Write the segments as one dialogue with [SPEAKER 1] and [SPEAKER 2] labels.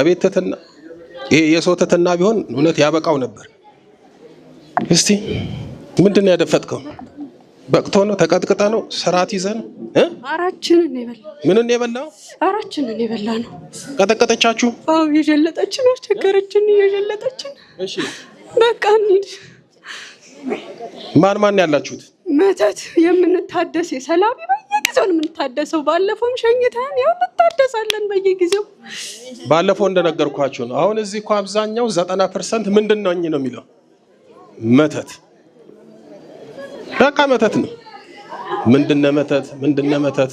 [SPEAKER 1] አቤት ትህትና! ይሄ የሰው ትህትና ቢሆን እውነት ያበቃው ነበር። እስቲ ምንድን ነው ያደፈጥከው? በቅቶ ነው? ተቀጥቅጠ ነው? ስርዓት ይዘ ነው?
[SPEAKER 2] አራችንን የበላ ምንን የበላው? አራችንን የበላ ነው።
[SPEAKER 1] ቀጠቀጠቻችሁ?
[SPEAKER 2] አዎ፣ የጀለጠችን አስቸገረችን፣ የጀለጠችን። እሺ፣ በቃ እንሂድ።
[SPEAKER 1] ማን ማን ያላችሁት?
[SPEAKER 2] መተት የምንታደስ የሰላም ጊዜውን የምንታደሰው። ባለፈውም ሸኝተን ያው እንታደሳለን በየጊዜው።
[SPEAKER 1] ባለፈው እንደነገርኳችሁ ነው። አሁን እዚህ እኮ አብዛኛው ዘጠና ፐርሰንት ምንድን ነኝ ነው የሚለው መተት፣ በቃ መተት ነው። ምንድነ መተት ምንድነ መተት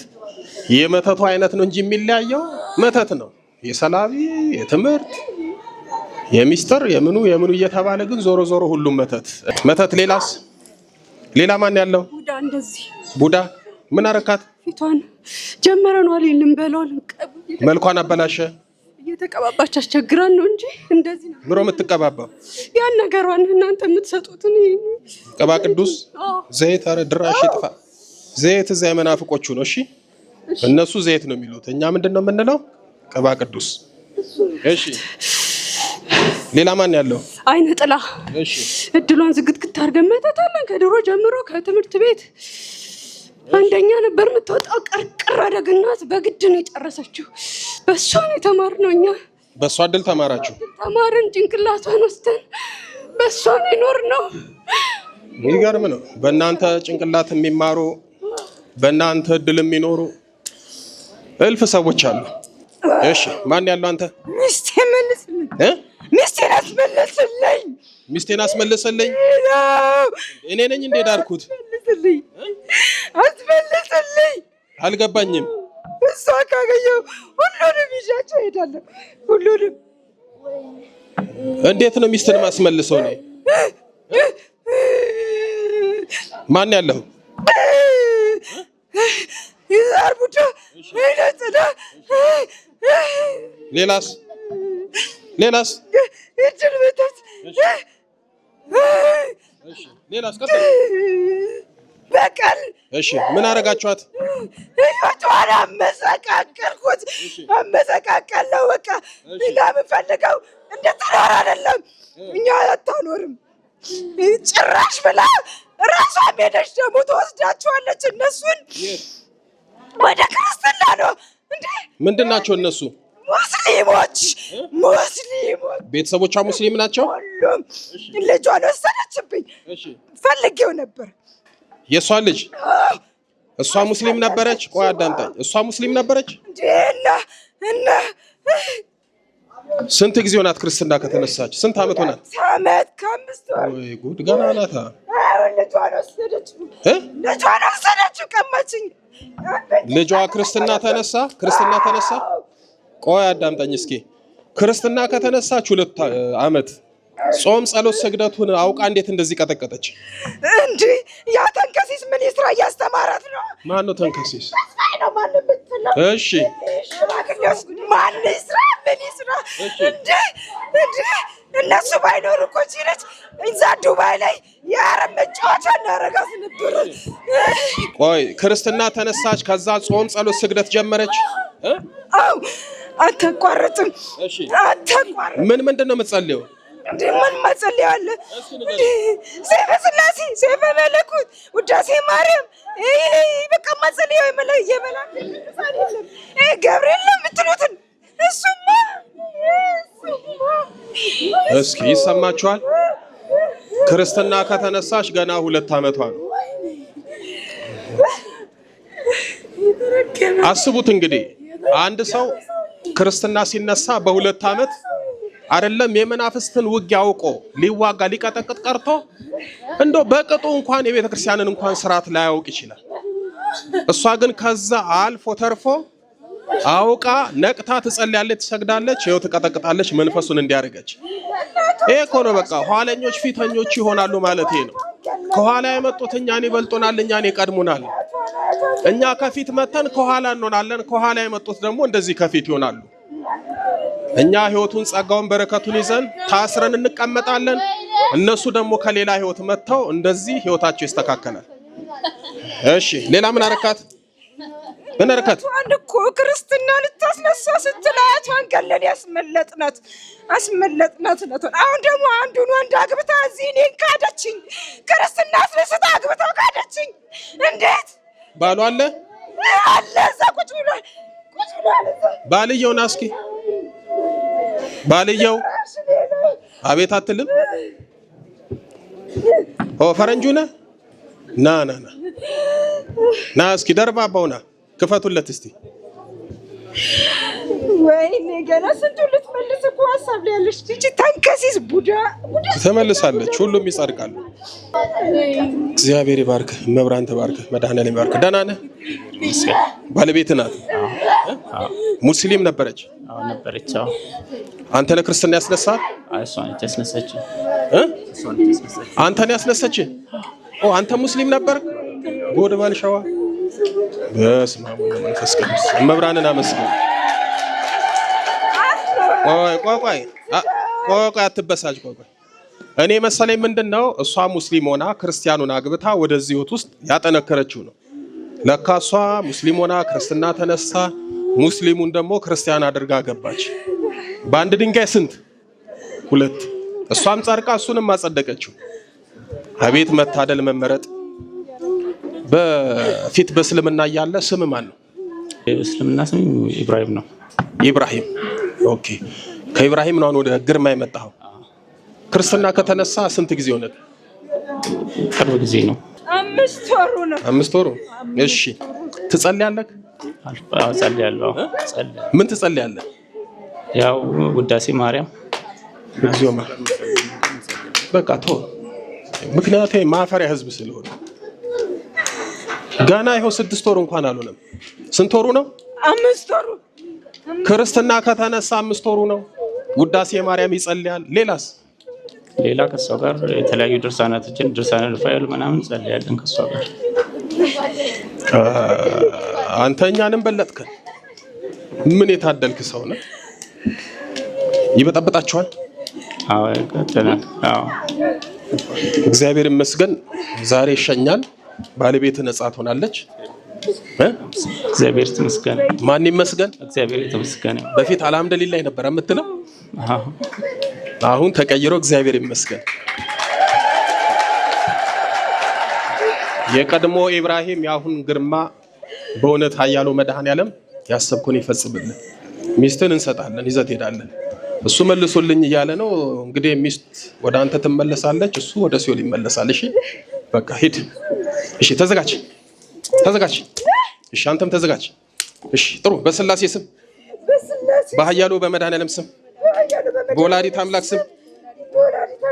[SPEAKER 1] የመተቱ አይነት ነው እንጂ የሚለያየው መተት ነው። የሰላቢ የትምህርት የሚስጥር የምኑ የምኑ እየተባለ ግን ዞሮ ዞሮ ሁሉም መተት መተት። ሌላስ ሌላ ማን ያለው
[SPEAKER 2] ቡዳ እንደዚህ
[SPEAKER 1] ቡዳ ምን አረካት?
[SPEAKER 2] ፊቷን ጀመረ ነው አልልም፣ በለዋል።
[SPEAKER 1] መልኳን አበላሸ።
[SPEAKER 2] እየተቀባባች አስቸግራን ነው እንጂ እንደዚህ ነው
[SPEAKER 1] ምሮ የምትቀባባው።
[SPEAKER 2] ያን ነገሯን እናንተ የምትሰጡትን
[SPEAKER 1] ቅባ ቅዱስ ዘይት፣ አረ ድራሽ ይጥፋ። ዘይት እዛ የመናፍቆቹ ነው። እሺ እነሱ ዘይት ነው የሚሉት፣ እኛ ምንድን ነው የምንለው? ቅባ ቅዱስ። እሺ ሌላ ማን ያለው?
[SPEAKER 2] አይነ ጥላ እድሏን ዝግትግት አድርገን መተታለን። ከድሮ ጀምሮ ከትምህርት ቤት አንደኛ ነበር የምትወጣው። ቅርቅር አደግናት በግድ ነው የጨረሰችው። በእሷ ነው የተማርነው እኛ።
[SPEAKER 1] በእሷ እድል ተማራችሁ?
[SPEAKER 2] ተማርን። ጭንቅላቷን ወስደን በእሷ ነው የኖርነው።
[SPEAKER 1] ይገርም ነው። በእናንተ ጭንቅላት የሚማሩ በእናንተ እድል የሚኖሩ እልፍ ሰዎች አሉ። እሺ፣ ማን ያለው? አንተ
[SPEAKER 2] ሚስቴ መልስልኝ፣ ሚስቴን አስመልስልኝ፣
[SPEAKER 1] ሚስቴን አስመልስልኝ። እኔ ነኝ እንዴ ዳርኩት
[SPEAKER 2] አስመልስልኝ፣ አስመልስልኝ።
[SPEAKER 1] አልገባኝም።
[SPEAKER 2] እሷ ካገኘው ሁሉንም ይዣቸው እሄዳለሁ። ሁሉንም
[SPEAKER 1] እንዴት ነው ሚስትን ማስመልሰው? ነ ማን ያለው
[SPEAKER 2] ይዛር ቡዳ ይነጽዳ
[SPEAKER 1] ሌላስ ሌላስ
[SPEAKER 2] ይችል ቤታት ሌላስ መሰቀል።
[SPEAKER 1] እሺ ምን አረጋችኋት?
[SPEAKER 2] ህይወቷን አመሰቃቀልኩት። አመሰቃቀል ነው በቃ። ሌላ የምፈልገው እንደተራራ አይደለም። እኛ አታኖርም ጭራሽ ብላ ራሷ ሄደች። ደግሞ ተወስዳችኋለች። እነሱን ወደ ክርስትና ነው እንዴ?
[SPEAKER 1] ምንድን ናቸው እነሱ?
[SPEAKER 2] ሙስሊሞች ሙስሊሞች።
[SPEAKER 1] ቤተሰቦቿ ሙስሊም ናቸው። ሁሉም
[SPEAKER 2] ልጇን ወሰደችብኝ። ፈልጌው ነበር
[SPEAKER 1] የእሷ ልጅ እሷ ሙስሊም ነበረች? ቆይ አዳምጣኝ። እሷ ሙስሊም ነበረች? ስንት ጊዜ ሆናት ክርስትና ከተነሳች? ስንት ዓመት ሆናት?
[SPEAKER 2] ሳመት ከአምስት
[SPEAKER 1] ወር። ወይ ጉድ! ገና ናታ።
[SPEAKER 2] ልጇን ወሰደችው፣ ቀማችኝ።
[SPEAKER 1] ልጇ ክርስትና ተነሳ፣ ክርስትና ተነሳ። ቆይ አዳምጠኝ እስኪ። ክርስትና ከተነሳች ሁለት ዓመት ጾም፣ ጸሎት፣ ስግደቱን አውቃ እንዴት እንደዚህ ቀጠቀጠች?
[SPEAKER 2] እንዲህ ስራ እያስተማራት ነው።
[SPEAKER 1] ማን ነው ተንከሲስ? እሺ
[SPEAKER 2] ማን ስራ ምን ስራ እንደ እነሱ ባይኖር እኮ ችለች እዛ ዱባይ ላይ የአረብ መጫወቻ እናረጋት ነበረ።
[SPEAKER 1] ቆይ ክርስትና ተነሳች፣ ከዛ ጾም፣ ጸሎት፣ ስግደት ጀመረች።
[SPEAKER 2] አው አታቋርጥም፣ አታቋርጥም።
[SPEAKER 1] ምን ምንድን ነው የምትጸልየው?
[SPEAKER 2] እንዴ ማን ማጸልያ ስላሴ፣ ሰይፈ መለኮት፣ ውዳሴ ማርያም በቃ ማጸልያ የመላ የመላ ገብርኤል ነው የምትሉትን እሱማ
[SPEAKER 1] እስኪ ይሰማችኋል። ክርስትና ከተነሳሽ ገና ሁለት ዓመቷ ነው። አስቡት እንግዲህ አንድ ሰው ክርስትና ሲነሳ በሁለት ዓመት አይደለም የመናፍስትን ውጊያ አውቆ ሊዋጋ ሊቀጠቅጥ ቀርቶ እንዶ በቅጡ እንኳን የቤተ ክርስቲያንን እንኳን ስርዓት ላያውቅ ይችላል። እሷ ግን ከዛ አልፎ ተርፎ አውቃ ነቅታ ትጸልያለች፣ ትሰግዳለች፣ ይኸው ትቀጠቅጣለች መንፈሱን እንዲያደርገች። ይሄ እኮ ነው በቃ ኋለኞች ፊተኞች ይሆናሉ ማለት ነው። ከኋላ የመጡት እኛን ይበልጡናል፣ እኛን ይቀድሙናል። እኛ ከፊት መተን ከኋላ እንሆናለን። ከኋላ የመጡት ደግሞ እንደዚህ ከፊት ይሆናሉ። እኛ ህይወቱን ጸጋውን በረከቱን ይዘን ታስረን እንቀመጣለን። እነሱ ደግሞ ከሌላ ህይወት መጥተው እንደዚህ ህይወታቸው ይስተካከላል። እሺ ሌላ ምን አረካት? ምን አረካት?
[SPEAKER 2] አንድ እኮ ክርስትና ልታስነሳ ስትላት ወንጌልን ያስመለጥናት አስመለጥናት ነቶን አሁን ደግሞ አንዱን ወንድ አግብታ እዚህ እኔን ካደችኝ። ክርስትና አስነስታ አግብታው ካደችኝ። እንዴት ባሉ አለ አለ እዛ ቁጭ ብሏል። ቁጭ
[SPEAKER 1] ብሏል። ባልየውን አስኪ ባልየው አቤት አትልም። ኦ ፈረንጁ ነህ? ና ና ና ና እስኪ ደርባባው ና ክፈቱለት እስቲ
[SPEAKER 2] ወይኔ ገና ስንቱን ልትመልስ እኮ ሀሳብ ላይ ያለች ልጅ ተንከሲስ ቡዳ
[SPEAKER 1] ተመልሳለች። ሁሉም ይጸድቃል። እግዚአብሔር ይባርክ፣ መብራን ትባርክ፣ መድኃኔዓለም ይባርክ። ደህና ነህ? ባለቤት ናት። ሙስሊም ነበረች ነበረች። አንተ ነህ ክርስትና ያስነሳት? ያስነሳች አንተ ነህ ያስነሳች። አንተ ሙስሊም ነበር? ጎድ ባልሸዋ በስመ አብ ወወልድ ወመንፈስ ቅዱስ መብራንን አመስግን። ቆይ ቆይ ቆይ አትበሳጭ። ቆይ ቆይ እኔ መሰለኝ ምንድን ነው እሷ ሙስሊም ሆና ክርስቲያኑን አግብታ ወደዚህ ህይወት ውስጥ ያጠነከረችው ነው። ለካ እሷ ሙስሊም ሆና ክርስትና ተነሳ፣ ሙስሊሙን ደግሞ ክርስቲያን አድርጋ ገባች። በአንድ ድንጋይ ስንት ሁለት። እሷም ጸድቃ እሱንም አጸደቀችው። አቤት መታደል መመረጥ በፊት በእስልምና እያለ ስም ማን ነው?
[SPEAKER 3] እስልምና ስም ኢብራሂም ነው።
[SPEAKER 1] ኢብራሂም ኦኬ። ከኢብራሂም ነው ወደ ግርማ የመጣው። ክርስትና ከተነሳ ስንት ጊዜ ሆነ?
[SPEAKER 3] ቅርብ ጊዜ ነው።
[SPEAKER 2] አምስት ወሩ ነው።
[SPEAKER 1] አምስት ወሩ። እሺ። ትጸልያለህ?
[SPEAKER 3] አዎ ጸልያለሁ።
[SPEAKER 1] ምን ትጸልያለህ?
[SPEAKER 3] ያው ውዳሴ ማርያም
[SPEAKER 1] በቃ ተወው። ምክንያቱ ማፈሪያ ህዝብ ስለሆነ ገና ይኸው ስድስት ወር እንኳን አልሆነም። ስንት ወሩ ነው? አምስት ወሩ። ክርስትና ከተነሳ አምስት ወሩ ነው። ውዳሴ ማርያም ይጸልያል። ሌላስ?
[SPEAKER 3] ሌላ ከሷ ጋር የተለያዩ ድርሳናቶችን ድርሳነ ሩፋኤል ምናምን ጸልያለን ከሷ ጋር።
[SPEAKER 1] አንተ እኛንም ምን የታደልክ ሰው ነህ። ይበጠብጣችኋል? አዎ፣ እግዚአብሔር ይመስገን ዛሬ ይሸኛል። ባለቤት ነጻ ትሆናለች።
[SPEAKER 3] እግዚአብሔር ይመስገን።
[SPEAKER 1] ማን ይመስገን?
[SPEAKER 3] እግዚአብሔር ይመስገን።
[SPEAKER 1] በፊት አልሐምዱሊላህ ነበር የምትለው አሁን ተቀይሮ እግዚአብሔር ይመስገን። የቀድሞ ኢብራሂም የአሁን ግርማ በእውነት ኃያሉ መድኃኔዓለም ያሰብኩን ይፈጽምልን። ሚስትን እንሰጣለን ይዘት ሄዳለን። እሱ መልሶልኝ እያለ ነው እንግዲህ ሚስት ወደ አንተ ትመለሳለች፣ እሱ ወደ ሲኦል ይመለሳል። እሺ በቃ ሂድ። እሺ፣ ተዘጋጅ ተዘጋጅ። እሺ፣ አንተም ተዘጋጅ። እሺ፣ ጥሩ። በስላሴ ስም በኃያሉ በመድኃኔዓለም ስም በወላዲተ አምላክ ስም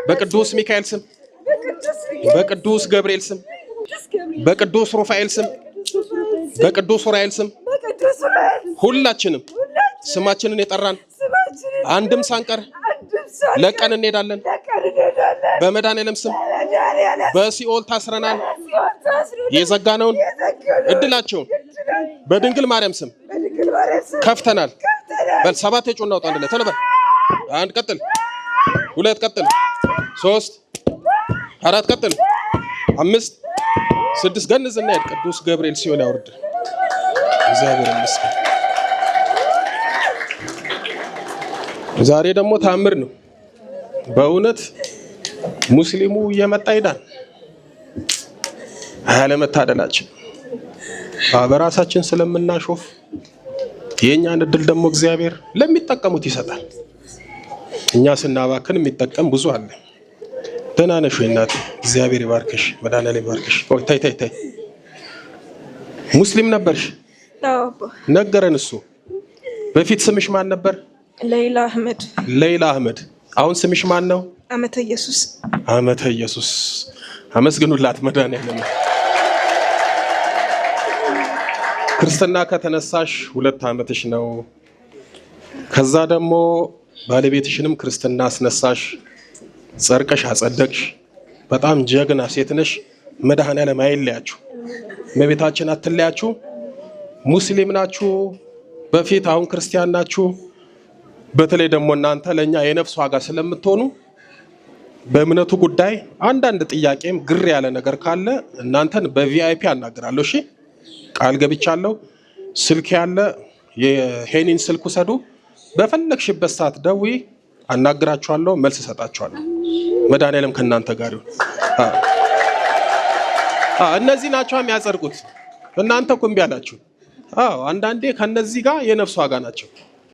[SPEAKER 1] በቅዱስ ሚካኤል ስም በቅዱስ ገብርኤል ስም በቅዱስ ሩፋኤል ስም በቅዱስ ኡራኤል ስም ሁላችንም ስማችንን የጠራን አንድም ሳንቀር ለቀን እንሄዳለን። በመድኃኔዓለም ስም በሲኦል ታስረናል። የዘጋነውን እድላቸውን በድንግል ማርያም ስም ከፍተናል። በል ሰባት የጮና እናውጣ። አንድ ላይ ተነበ አንድ ቀጥል፣ ሁለት ቀጥል፣ ሶስት አራት ቀጥል፣ አምስት ስድስት ገንዝ እና ሄድ ቅዱስ ገብርኤል ሲሆን ያወርድ እግዚአብሔር ይመስገን። ዛሬ ደግሞ ታምር ነው በእውነት ሙስሊሙ እየመጣ ይዳን አለመታደላችን በራሳችን ስለምናሾፍ የእኛን እድል ደግሞ እግዚአብሔር ለሚጠቀሙት ይሰጣል። እኛ ስናባክን የሚጠቀም ብዙ አለ። ደህና ነሽ ወይ እናት? እግዚአብሔር ይባርክሽ፣ መድኃኒዓለም ይባርክሽ። ታይ ታይ ታይ፣ ሙስሊም ነበርሽ? ነገረን እሱ። በፊት ስምሽ ማን ነበር?
[SPEAKER 2] ለይላ አህመድ።
[SPEAKER 1] ለይላ አህመድ። አሁን ስምሽ ማን ነው?
[SPEAKER 2] አመተ ኢየሱስ።
[SPEAKER 1] አመተ ኢየሱስ። አመስግኑላት መድኃኒዓለም ክርስትና ከተነሳሽ ሁለት ዓመትሽ ነው። ከዛ ደግሞ ባለቤትሽንም ክርስትና አስነሳሽ፣ ጸርቀሽ አጸደቅሽ። በጣም ጀግና ሴት ነሽ። መድኃኔዓለም አይለያችሁ፣ እመቤታችን አትለያችሁ። ሙስሊም ናችሁ በፊት አሁን ክርስቲያን ናችሁ። በተለይ ደግሞ እናንተ ለእኛ የነፍስ ዋጋ ስለምትሆኑ በእምነቱ ጉዳይ አንዳንድ ጥያቄም ግር ያለ ነገር ካለ እናንተን በቪአይፒ አናግራለሁ። እሺ ቃል ገብቻለሁ። ስልክ ያለ የሄኒን ስልክ ውሰዱ። በፈለግሽበት ሰዓት ደዊ አናግራችኋለሁ፣ መልስ እሰጣችኋለሁ። መድኃኒዓለም ከእናንተ ጋር ይሁን። እነዚህ ናቸው የሚያጸድቁት። እናንተ ኩምቢ እምቢ አላችሁ። አንዳንዴ ከነዚህ ጋር የነፍስ ዋጋ ናቸው።